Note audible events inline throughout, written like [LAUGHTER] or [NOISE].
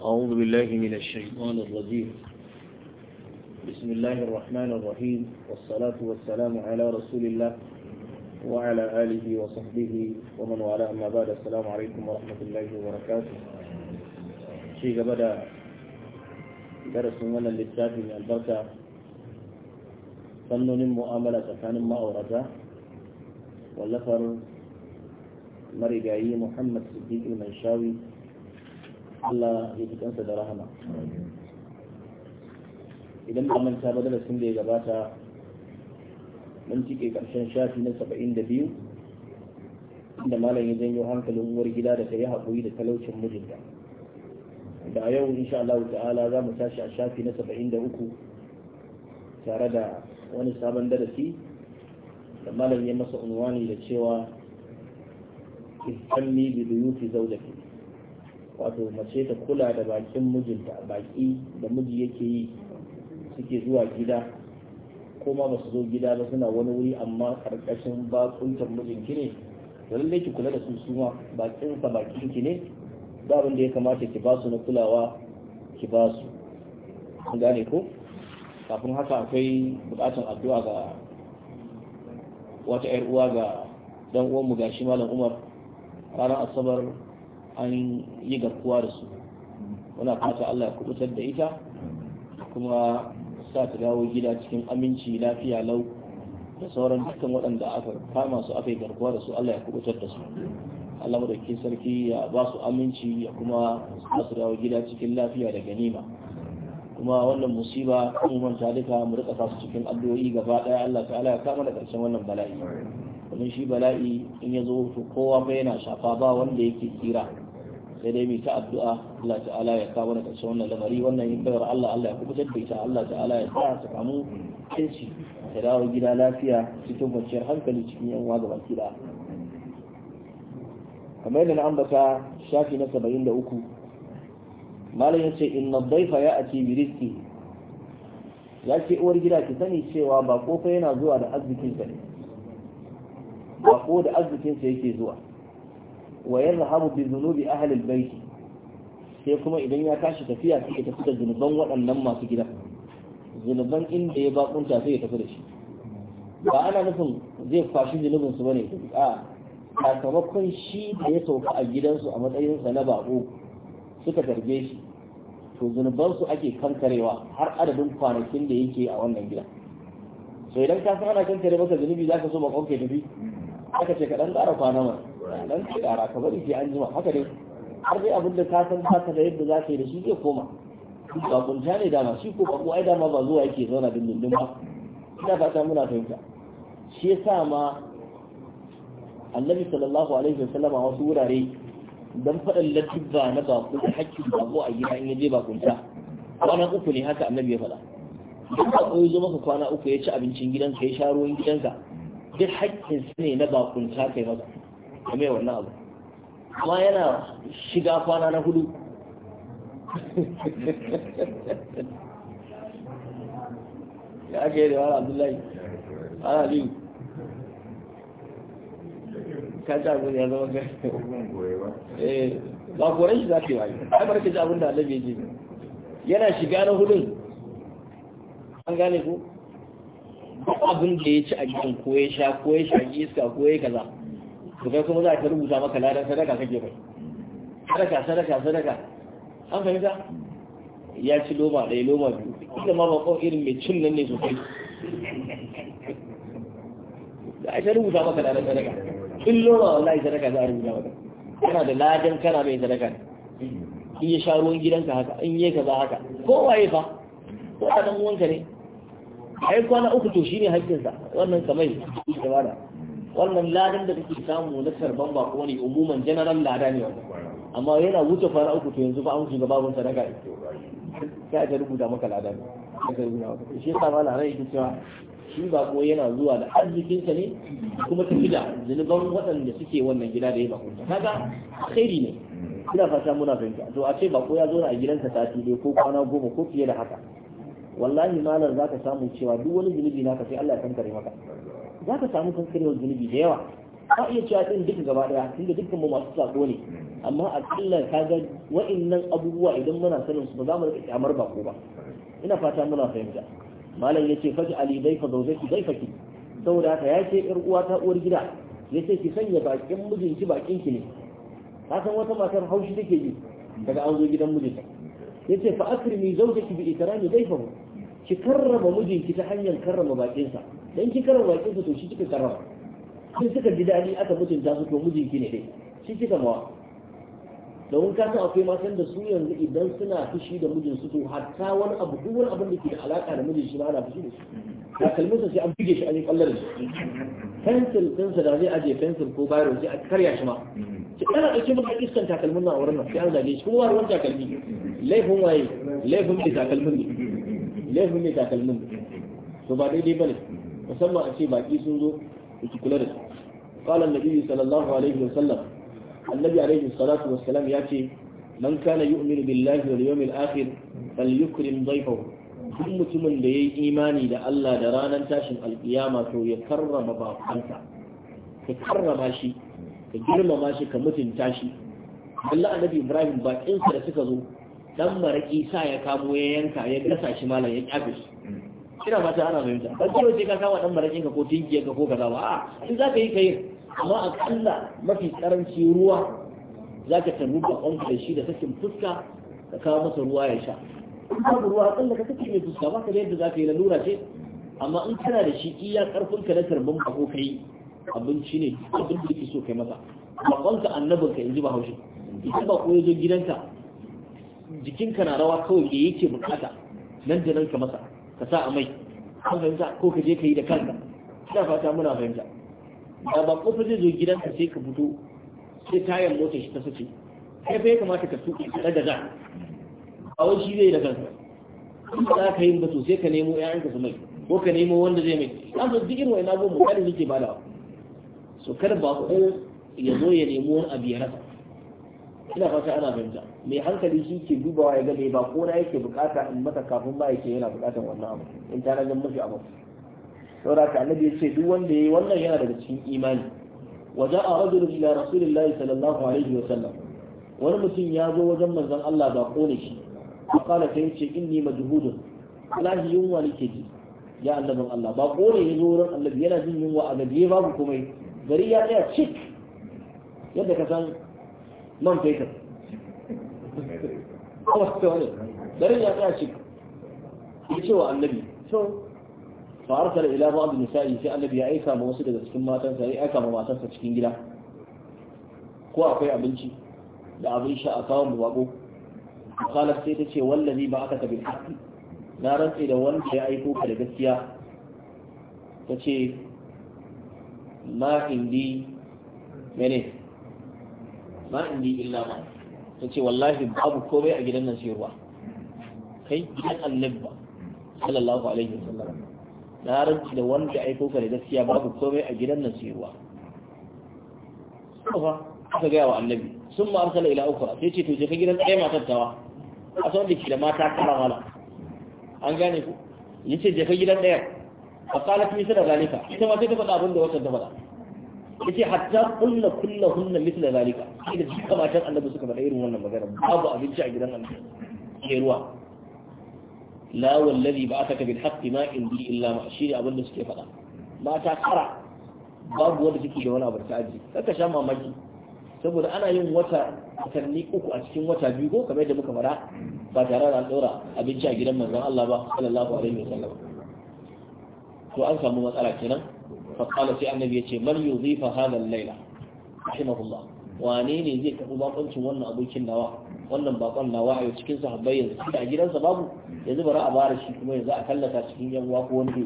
أعوذ بالله من الشيطان الرجيم بسم الله الرحمن الرحيم والصلاة والسلام على رسول الله وعلى آله وصحبه ومن والاه أما بعد السلام عليكم ورحمة الله وبركاته شيء بدأ درس من للتاب من البركة فنن المؤاملة كان ما أورده واللفر مرقائي محمد صديق المنشاوي Allah ya ji kansa da rahama idan da manta ba darasin da ya gabata mun cike karshen shafi na saba'in da biyu inda malam ya janyo hankalin uwar gida da ta yi haƙuri da talaucin mijinta da a yau insha Allah ta'ala za mu tashi a shafi na saba'in da uku tare da wani sabon darasi da malam ya masa unwani da cewa Ifanni bi duyuti zawjati wato mace ta kula da bakin mijinta baki da miji yake yi suke zuwa gida kuma ba su zo gida ba suna wani wuri amma karkashin bakuntar mijinki ne da lalle ki kula da su suma bakin sa bakin ki ne ba abin da ya kamata ki ba su na kulawa ki ba su an gane ko kafin haka akwai bukatun addu'a ga wata 'yar uwa ga dan uwan mu gashi malam Umar ranar asabar an yi garkuwa da su muna fata Allah ya kubutar da ita kuma sa ta dawo gida cikin aminci lafiya lau da sauran dukkan waɗanda aka kama su aka yi garkuwa da su Allah ya kubutar da su Allah madaukakin sarki ya ba su aminci ya kuma sa su dawo gida cikin lafiya da ganima kuma wannan musiba mu manta duka mu rika su cikin addu'o'i gaba daya Allah ta'ala ya kama da karshen wannan bala'i domin shi bala'i in ya zo to kowa ba yana shafa ba wanda yake tsira sai dai mai ta addu'a Allah ta'ala ya kawo da ƙarshen wannan lamari wannan yin bayar Allah Allah ya kubutar da ita Allah ta'ala ya sa ta kamu kinci ta dawo gida lafiya cikin kwanciyar hankali cikin yan wa gaban kida kamar yadda na ambata shafi na 73 da uku malam ya ce inna daifa ya bi rizqi ya ce uwar gida ki sani cewa ba kofa yana zuwa da arzikinsa ne ba ko da arzikinsa yake zuwa wa yarhabu bi dhunubi ahli albayt sai kuma idan ya tashi tafiya sai ya tafi da zunuban waɗannan masu gida zunuban inda ya bakunta sai ya tafi da shi ba ana nufin zai fashi zunubin su bane a sakamakon shi da ya sauka a gidansu a matsayin sa na bako suka tarbe shi to su ake kankarewa har adadin kwanakin da yake a wannan gida so idan ka san ana kankare maka zunubi zaka so bakon ke tafi aka ce kaɗan ƙara kwana mana nan sai kara ka bari sai an jima haka dai har dai abin da ka san haka da yadda za ka yi da shi zai koma ba kunta ne dama shi ko bako ai dama ba zuwa yake zauna dindindin ba ina fata muna fahimta shi yasa ma annabi sallallahu alaihi wasallam a wasu wurare dan faɗin latibba na bako da hakkin bako a gida in yaje bakunta kwana uku ne haka annabi ya faɗa duk bako ya zo maka kwana uku ya ci abincin gidanka ya sha ruwan gidanka duk hakkin ne na bakunta kai maka a wannan abu amma yana shiga kwana na hudu ya ake da wani abdullahi ana liyu ka ci abin ya zama ga eh, ba koren shi za ke wani wayo ai barka ji abin da alabi ji yana shiga na hudun an gane ko abin da ya ci a gidan ko ya sha ko ya shagi iska ko ya kaza to kai kuma za ka rubuta maka ladan sadaka kake bai sadaka sadaka sadaka an fahimta ya ci loma ɗaya loma biyu inda ma bakon irin mai cin nan ne sosai da ta rubuta maka ladan sadaka in loma wallahi sadaka za a rubuta maka kana da ladan kana mai sadaka in ya sha ruwan gidanka haka in yi za haka ko waye fa ko a ɗan uwanka ne a yi kwana uku to shi ne hakkinsa wannan kamar da bada wannan ladan da kake samu na karban kuma ne umuman general lada ne wannan amma yana wuce fara uku to yanzu ba an shiga babun sadaka sai ka rubuta maka ladan ka shi ka mala rai ke cewa shi ko yana zuwa da arzikinsa ne kuma tafi da zunuban waɗanda suke wannan gida da ya bakunta kaga khairi ne ina fata muna fahimta to a ce ko ya zo a gidansa sati dai ko kwana goma ko fiye da haka wallahi malar ka samu cewa duk wani zunubi na sai Allah ya kankare maka ka samu kankarewar zunubi da yawa a iya cewa din duka gaba daya da dukkan mu masu sako ne amma a akalla kaga wa'annan abubuwa idan muna sanin su ba za mu rika kyamar bako ba ina fata muna fahimta malam ya ce, faji ali dai zaujaki ki saboda haka yace yar uwa ta uwar gida ya ce ki sanya bakin mijinki bakin ki ne ka san wata matar haushi take ji daga an zo gidan mijinta yace fa akrimi zawjaki bi ikrami dayfahu ki karrama mijinki ta hanyar karrama bakinsa dan ki karrama bakinsa to shi kika karrama sai suka ji dadi aka mutunta su to mijinki ne dai shi kika mawa domin ka san akwai matan da su yanzu idan suna fushi da mijin su to hatta wani abu duk wani abin da ke da alaka da mijin shi ma ana fushi da shi da kalminsa sai an buge shi an yi kallar da shi fensil ɗinsa da zai ajiye fensil ko bayro sai a karya shi ma ki kana ɗauki maka iskan takalmin na a wurin nan sai an zage shi kuma ba wani takalmi laifin waye laifin mai takalmin ne laifin mai takalmin ne to ba daidai bane musamman a ce baki sun zo ki kula da su qala annabi sallallahu alaihi wasallam annabi alaihi salatu wassalam ya ce man kana yu'minu billahi wal yawmil akhir falyukrim dayfahu duk mutumin da yayi imani da Allah da ranar tashin alkiyama to ya karrama babansa ka karrama shi ka girmama shi ka mutunta shi Allah Ibrahim bakinsa da suka zo dan maraki sa ya kamo ya yanka ya gasa shi malam ya kyafe shi ina fata ana fahimta ba kilo sai ka kawo dan marakin ka ko tinkiya ka ko kaza ba a shi za ka yi ka yi amma kalla mafi karanci ruwa za ka ka bakon da shi da sakin fuska ka kawo masa ruwa ya sha in ka ruwa kalla ka sake mai fuska ba ka da yadda za ka yi lalura ce amma in kana da shi iya karfin ka na tarbin bako kai abinci ne abin da yake so kai masa kwanta annabinka in ji ba haushi ita ba ko ya zo gidanka jikinka na rawa kawai da yake bukata nan da nan ka masa ka sa a mai an fahimta ko ka je ka yi da kanka ina fata muna fahimta da ba kofa zai zo gidanka sai ka fito sai tayar mota shi ta sace kai fa ya kamata ka tuki da da a wani shi zai da kanka in za ka yi ba to sai ka nemo ƴaƴanka su mai ko ka nemo wanda zai mai an so duk irin wa'ina mu misali nake badawa so kada ba ku ya zo ya nemo wani abu ya rasa ina fata ana fahimta mai hankali shi ke dubawa ya ga ba kona yake bukata in mata kafin ba yake yana bukatan wannan abu in ta nan mafi abu saboda ka annabi ya ce duk wanda ya yi wannan yana daga cikin imani Wajen ja'a rajulun ila sallallahu alaihi wa sallam wani mutum ya zo wajen manzon Allah ba kone shi shi qala ta yace inni majhudun wallahi yunwa nake ji ya annabin Allah ba kone ya zo wurin annabi yana jin yunwa a ya babu komai gari ya tsaya cik yadda ka san man fetur kawai ta wani garin ya tsaya cik ya ce wa annabi so fa arsala ila nisa'i sai annabi ya aika ma wasu daga cikin matansa ya aika ma matarsa cikin gida ko akwai abinci da abin sha a kawon bako kwanar sai ta ce wallazi ba aka tabi haƙi na rantse da wanda ya aiko ka da gaskiya ta ce ma indi mene ma indi illa ma ta ce wallahi babu komai a gidan nan sai ruwa kai gidan annabi ba sallallahu alaihi wasallam na rantsi da wanda aiko ka da gaskiya babu komai a gidan nan sai ruwa kuma aka gaya wa annabi sun ma arsala ila ukra sai ce to je ka gidan ɗaya matar tawa a san da ke da mata kara mala an gane ku yace je ka gidan ɗaya a kala fi da zalika ita ma sai ta faɗa abin da wata ta faɗa yace hatta kullu kulluhunna mithla zalika da duka matan annabi suka faɗa irin wannan magana babu abinci a gidan annabi ke ruwa la wallazi ba'athaka bil haqqi ma indi illa ma shi abin da suke faɗa mata kara babu wanda suke da wani abu ta aji kaka sha mamaki saboda ana yin wata watanni uku a cikin wata biyu ko kamar yadda muka fara ba tare da an ɗora abinci a gidan manzon Allah ba sallallahu alaihi wasallam to an samu matsala kenan فقال في النبي يتي من يضيف هذا الليلة رحمه الله wane ne zai tafi bakoncin wannan abokin nawa wannan bakon nawa a cikin sahabbai yanzu tunda a gidansa babu yanzu bari a bara shi kuma yanzu a kallata cikin yan uwa ko wani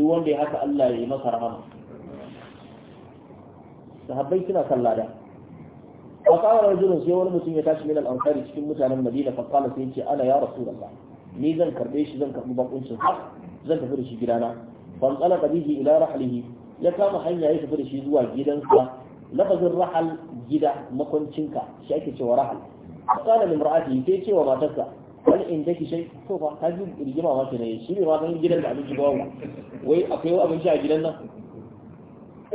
duk wanda ya haka Allah ya yi masa rahama sahabbai suna sallada wa qala rajulun sai wani mutum ya tashi min al-ansari cikin mutanen Madina fa qala sai yace ana ya rasulullah ni zan karbe shi zan karbi bakoncin sa zan tafi da shi gidana ban tsala bihi ila rahlihi ya kama hanya ya tafi da shi zuwa gidansa lafazin rahal gida makwancinka shi ake cewa rahal qala limra'ati sai cewa matarsa wani in daki shai ko fa ka ji rigima ma kenan shi ne ma kan gidan da abinci babu wai akwai abinci a gidan nan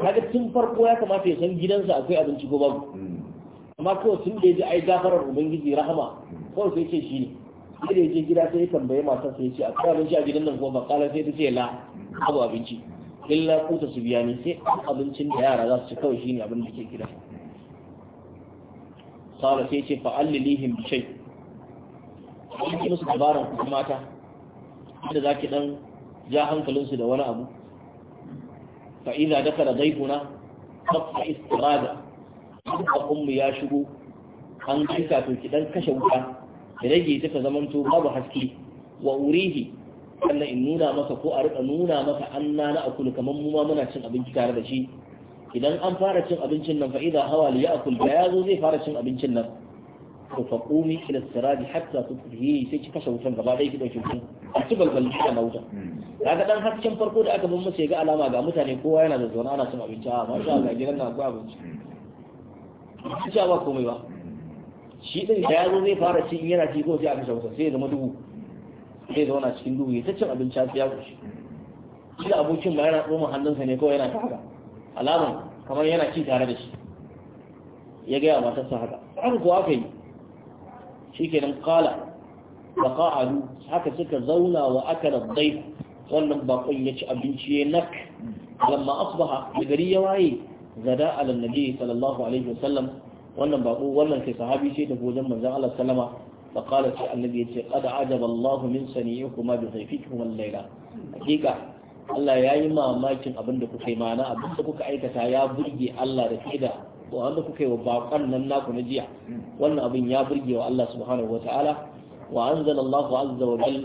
kaga tun farko ya kamata ya san gidansa akwai abinci ko babu amma kawai tun da ya ji ai gafarar ubangiji rahama kawai sai ce shi ne sai da ya je gida sai ya tambaye matarsa ya ce akwai abinci a gidan nan ko ba kala sai ta ce la abu abinci illa kuta su biya ne sai abincin da yara za su ci kawai shine abin da ke gida sara sai ce fa'allilihim bi shay in ki musu dabaran ku mata inda zaki dan ja hankalinsu da wani abu fa idza dakala dayfuna qatta istirada da ummu ya shigo an kika to ki dan kashe wuta da rage ta ta zamanto babu haske wa urihi kalla in nuna maka ko a rika nuna maka an na na akul kamar mu ma muna cin abinci tare da shi idan an fara cin abincin nan fa idza hawa li ya'kul da yazo zai fara cin abincin nan to fa qumi ila siraji hatta tutfihi sai ki kashe wutan gaba dai ki dauke wutan a ci balbal da na wutan kaga dan hasken farko da aka bar musu ga alama ga mutane kowa yana da zauna ana cin abinci a ah, sha Allah gidan nan akwai abinci ci ba komai ba shi din da yazo zai fara cin in yana ci ko sai a kashe wutan sai ya zama dubu zai zauna cikin duhu ya ta cin abinci har ya kushi shi abokin ba yana tsoma hannunsa ne kawai yana ta haka alaman kamar yana ci tare da shi ya gaya matarsa haka an kuwa aka yi shi kenan kala da ƙa'adu haka suka zauna wa aka rabdai wannan bakon ya ci abinci ya nak lamma asbaha da gari ya waye zada ala nabi sallallahu alaihi wasallam wannan bako wannan sai sahabi ce da gojen manzon Allah sallama فقال في النبي قد عجب الله من سنيكما بضيفكما الليلة حقيقة Allah ya yi mamakin abinda kukai kuka yi mana abin da kuka aikata ya burge Allah da ke da wanda kuka yi wa bakon nan naku na jiya wannan abin ya burge wa Allah subhanahu wataala wa anzalallahu azza wa jal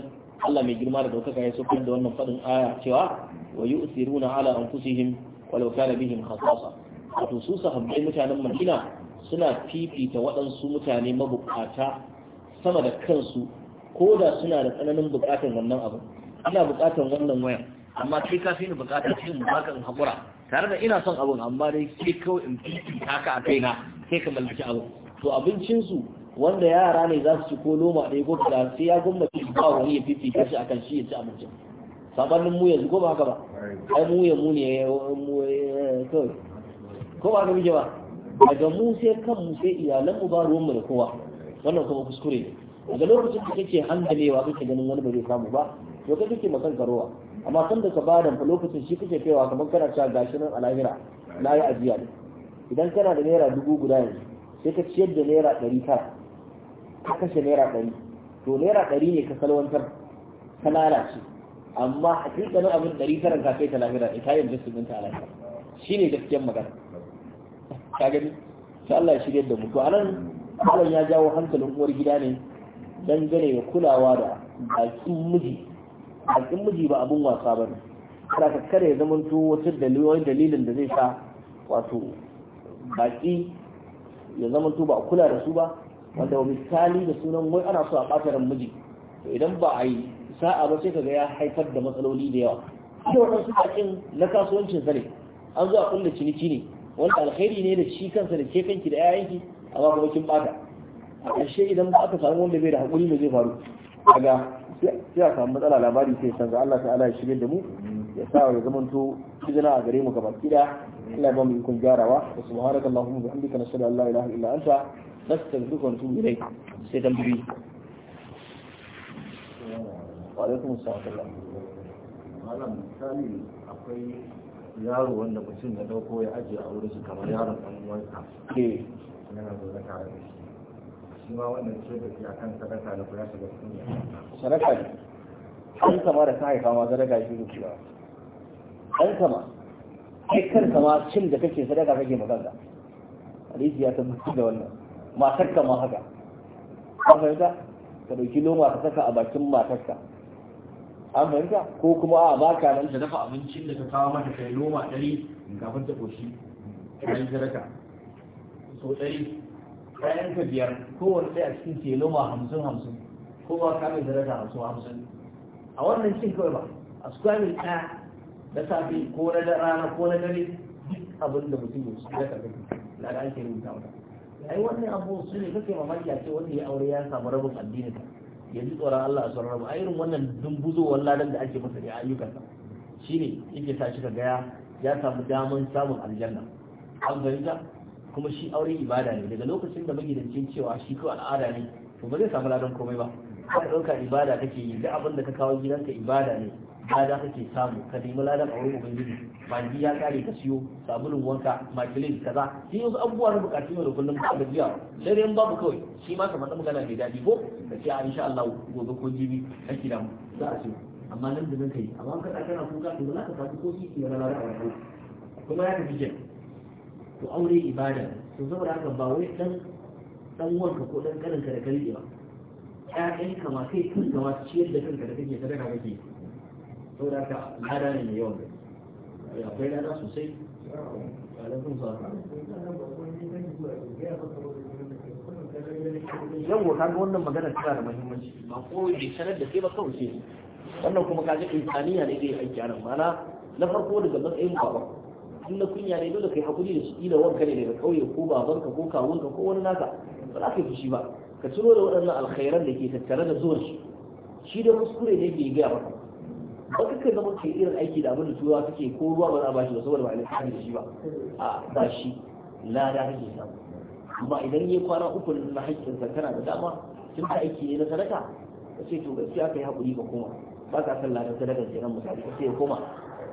Allah mai girma da daukaka ya sokar da wannan fadin aya cewa wa yu'thiruna ala anfusihim walau kana bihim khasasa su sahabbai mutanen Madina suna fifita waɗansu mutane mabukata sama da kansu ko da suna da tsananin buƙatar wannan abu ana buƙatar wannan wayan amma kai ka fi ni cikin shi mu haƙura tare da ina son abun amma dai kai kawai in fi haka a kaina sai ka mallaki abu to abincinsu wanda yara ne za su ci ko loma ɗaya ko fita sai ya gwamnati ba wani ya fifita shi akan shi ya ci abincin sabanin mu yanzu ko ba haka ba ai mu ya mu ne kawai ko ba haka muke ba daga mu sai kan mu sai iyalan mu ba ruwan mu da kowa wannan kuma kuskure ne daga lokacin da kake handalewa kake ganin wani ba zai samu ba to kai kake makan karowa amma san da ka bada fa lokacin shi kake kaiwa kamar kana cewa gashi nan a lahira na yi ajiya ne idan kana da naira dubu guda yanzu sai ka ciyar da naira ɗari tara ka kashe naira ɗari to naira ɗari ne ka salwantar ka lalace amma a hakikanin abin ɗari tara ka kai ta lahira ita yin jinsu ɗinta ta lahira shi ne gaskiyar magana ka gani sai Allah ya shirya da mu to anan malam ya jawo hankalin uwar gida ne dangane da kulawa da bakin miji bakin miji ba abun wasa ba ne kada ka kare zaman wata dalilin da zai sa wato baki ya zama ba a kula da su ba wanda misali da sunan wai ana so a ɓata miji to idan ba a yi sa'a ba sai kaga ya haifar da matsaloli da yawa da waɗansu bakin na kasuwancin sa ne an zo a kulle ciniki ne wanda alkhairi ne da shi kansa da ke kanki da 'ya'yanki amma kuma kin bata a ƙarshe idan ba aka samu wanda bai da hakuri mai zai faru daga sai a samu matsala labari sai ga Allah ta'ala ya shigar da mu ya sa ya zamanto izina a gare mu gaba kida Allah ba mu ikon gyarawa wa subhanaka allahumma wa bihamdika nashhadu an la ilaha illa anta nastaghfiruka wa natubu ilayk sai tambayi wa alaikum assalam malam misali akwai yaro wanda mutum ya dauko ya ajiye a wurin shi kamar yaron dan uwansa eh. yana zaune tare da shi shi ma wannan ce da ke akan sadaka da kuma shiga cikin sadaka ne an kama da ta haifa ma sadaka shi ne cewa an kama kai kan kama cin da kake sadaka kake magana hadisi ya tabbatar da wannan matar kama haka an fahimta ka dauki noma ka saka a bakin matarka an fahimta ko kuma a baka nan ta dafa abincin da ka kawo mata kai noma ɗari kafin ta koshi ta yi sadaka so ɗari ɗayan ka biyar kowane ɗaya cikin teloma hamsin hamsin ko ba ka mai daraja hamsin hamsin a wannan cin kawai ba a sukari ɗaya na safe ko na rana ko na dare duk abin da mutum ya su daga gani na da ake rubuta wata ai wannan abu su ne kake mamaki a ce wanda ya aure ya samu rabin addini ka ya ji tsoron Allah a tsoron rabu a irin wannan dumbuzowar ladan da ake masa da ayyukansa ne yake sa shi ka gaya ya samu daman samun aljanna an fahimta kuma shi aure ibada ne daga lokacin da magidancin cewa shi ko al'ada ne to ba zai samu ladan komai ba ka ɗauka ibada kake yi da abin da ka kawo gidanka ibada ne lada kake samu ka nemi ladan auren ubangiji magi ya kare ka siyo sabulun wanka makilin kaza shi wasu abubuwa na bukatu yau da kullum ba gajiya sai dai babu kawai shi ma kamar faɗa magana mai daɗi ko ka ce a insha Allah gobe ko jibi kake da mu za a ce amma nan da nan kai amma ka tsaka kana kuka to za ka samu ko shi ke na ladan auren kuma ya tafi kenan to aure ibada to saboda haka ba wai dan dan wanka ko dan ka da kalli ba ka ma kai kanka wasu ciyar da kanka da kake sadaka kake saboda haka lada ne mai yawan gaske eh, akwai lada sosai alaikum salam yawon ga wannan magana tana da muhimmanci ba ko bai sanar da kai ba kawai sai wannan kuma kaga insaniya ne zai aiki a nan mana na farko daga matsayin baba in na kunya ne dole kai hakuri da shi da wanka ne daga kauye ko babanka ko kawunka ko wani naka ba za ka yi fushi ba ka ciro da waɗannan alkhairan da ke tattare da zuwan shi shi da kuskure ne ke gaya ba. ba ka ka zama kai irin aiki da abin da turawa suke ko ruwa ba za a bashi ba saboda ba a lissafi da shi ba a ba shi lada kake samu amma idan ya kwana uku na haƙƙinsa tana da dama tun da aiki ne na sadaka ka ce to gaskiya ka yi haƙuri ba koma ba ka san ladan sadakar kenan misali ka ce ya koma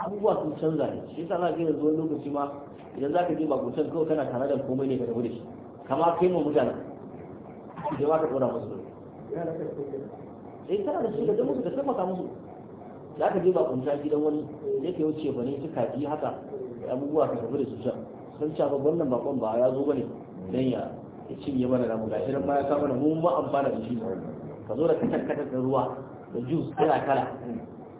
abubuwa sun canza ne shi sa zai ka lokaci ma idan za ka je ba gutan kawai kana tare da komai ne ka tafi da shi kama kai ma mutane da ba ka tsora musu sai kana da shi da musu ka musu za ka je ba kunta gidan wani ne ke wuce ba ne su yi haka abubuwa ka tafi da su can sun ca ba wannan bakon ba ya zo ba ne dan ya cinye mana namu gashi nan ma ya kama mu ma amfana da shi ka zo da katar katar da ruwa da juice kala kala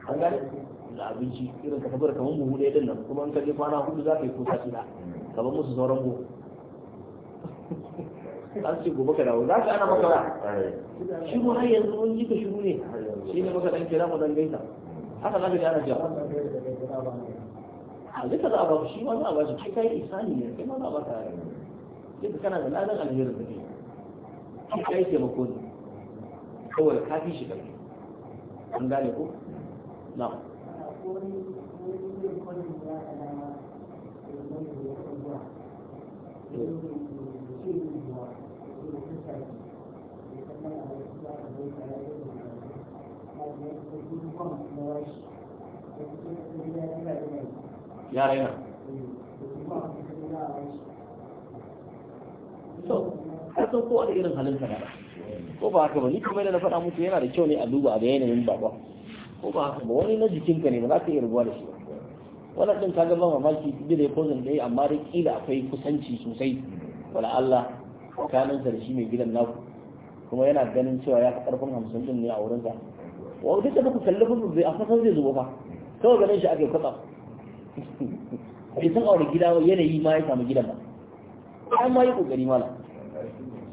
an gane da abinci irin ka tabar kamar buhu ɗaya din nan kuma in ka je kwana hudu za ka yi kusa kina ka bar musu sauran buhu za su ce gobe ka dawo za ka ana maka ba shi ko har yanzu mun ji ka shiru ne shi ne maka dan kira mu dan gaita haka za ka ji ana cewa a duka za a ba shi ma za a ba shi kai kai isani ne kai ma za a ba ka duka kana da ladan alherin da ke shi kai taimako ne kawai ka fi shi kai an gane ko na'am ya raina so kowa da irin halin sa ko ba haka ba ni kuma da na faɗa muku yana da kyau ne a duba a ga yanayin baba ko ba haka ba wani na jikinka ne ba za ka iya rubuwa da shi wannan din kaga ba mamaki duk da kozin dai amma dai ƙila akwai kusanci sosai wala Allah kanin da shi mai gidan naku kuma yana ganin cewa ya fi ƙarfin hamsin din ne a wurin sa wa duk da kuka kalli kun bai a san zai zuba fa kawai ganin shi ake kwatsa bai san aure gida ba yanayi ma ya samu gidan ba an ma yi kokari mala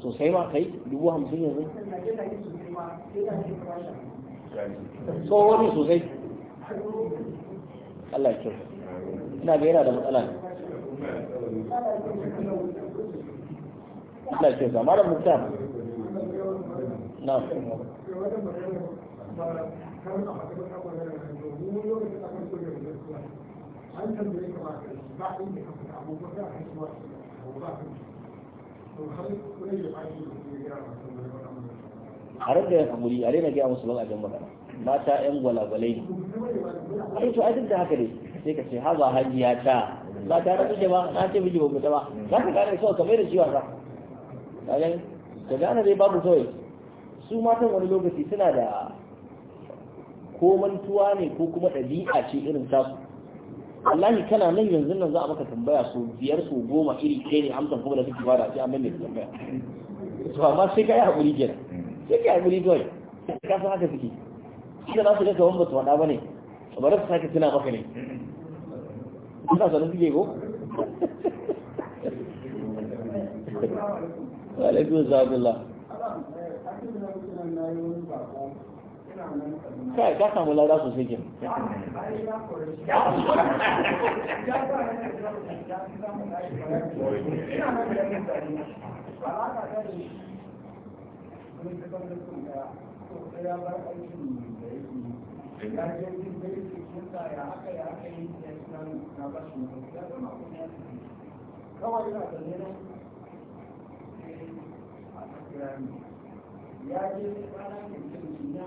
sosai ma kai dubu hamsin yanzu tsohon ne sosai Allah ya kyau ina ga yana da matsala ne Allah kyau da mutum na a rage ya kamuri a rena gaya musu a magana mata yan gwalagwalai ne yi to ai duk da haka ne sai ka ce haza hajiya ta ba ta da miji ba na ce miji ba mutu ba za ka gane kawai kamar da ciwon ka ka gani ka gane dai babu kawai su matan wani lokaci suna da ko mantuwa ne ko kuma ɗabi'a ce irin tasu wallahi kana nan yanzu nan za a maka tambaya su biyar su goma iri kai ne amsan kuma da suke bada ce an mai tambaya to amma sai ka yi haƙuri kenan sai ki haƙuri kawai ka san haka suke shi da za su ga kawan ba su wada ba ne ba za su sake tuna maka ne ba sa sanin suke ko wa alaikum salam kai ka samu lada sosai ke Thank [LAUGHS] ya je ranar da ke ya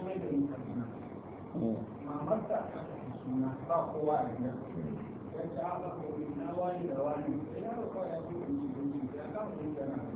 mai da yin kaduna ya ya ya ya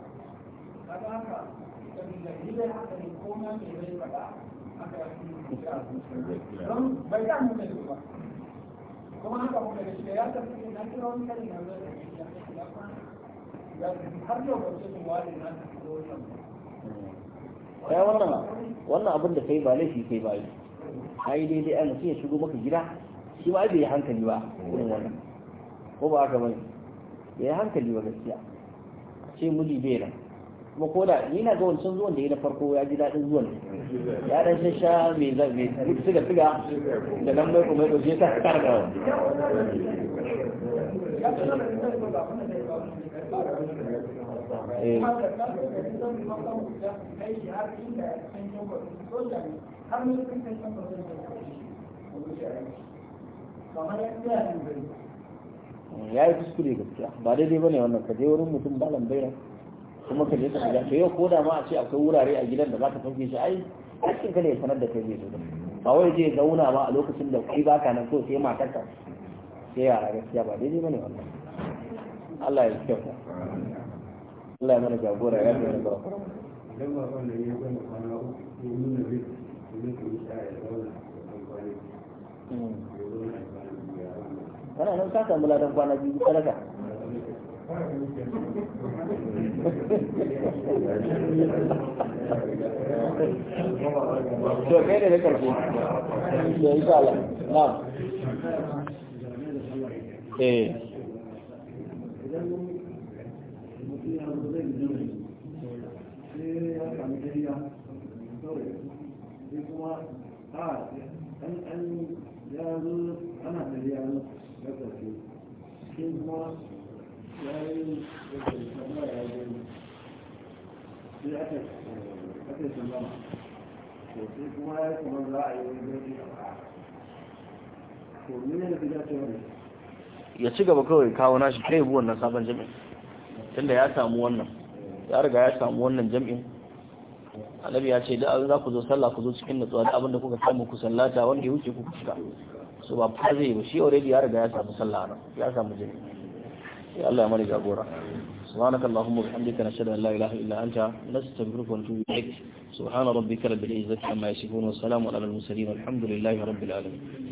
kuma haka da shi da ya tafi na wani na da shi har yau ba na tafi wannan wannan wannan abin da kai ba laifi kai ba yi ai daidai an sai ya shigo maka gida shi ba bai hankali ba irin wannan ko ba haka bane ya hankali ba gaskiya ce muji bai nan kuma ko da ni na ga wancan zuwan da ya na farko ya ji daɗin zuwan ya dan shan sha mai zabe siga siga da nan mai kuma ɗauke ta da karga eh. ya yi kuskure gaskiya ba daidai ba ne wannan kaje wurin mutum ba lambaira kuma ka je ka shiga to yau ko da ma a ce akwai wurare a gidan da za ka sauke shi ai hakkin ka ne sanar da kai zai ba wai je zauna ba a lokacin da kai baka nan ko sai matar ka sai yara gaskiya ba daidai bane wannan Allah ya kyauta Allah ya mana jagora ya mana jagora dan ba wanda ya gwada kwana uku ya nuna rai domin ka yi sa ya zauna a kwana hmm. kana nan ka samu ladan kwana biyu sadaka to kai ne da karfi da isa Allah na eh ya zo ana da ya zo ƙarfi ya ci gaba kawai kawo nashi kai buwan na sabon jami'in tunda ya samu wannan ya riga ya samu wannan jami'in alabi ya ce da'a za ku zo sallah ku zo cikin nutsuwa da abinda kuka samu ku sallata wanda ya wuce ku fuska so ba fa zai ba shi already ya riga ya samu sallah ya samu jami'in sai Allah ya mani jagora subhanaka allahumma bihamdika nashhadu an la ilaha illa anta nastaghfiruka wa natubu ilaik subhana rabbika rabbil izzati amma yasifun wa salamun ala al mursalin walhamdulillahi rabbil alamin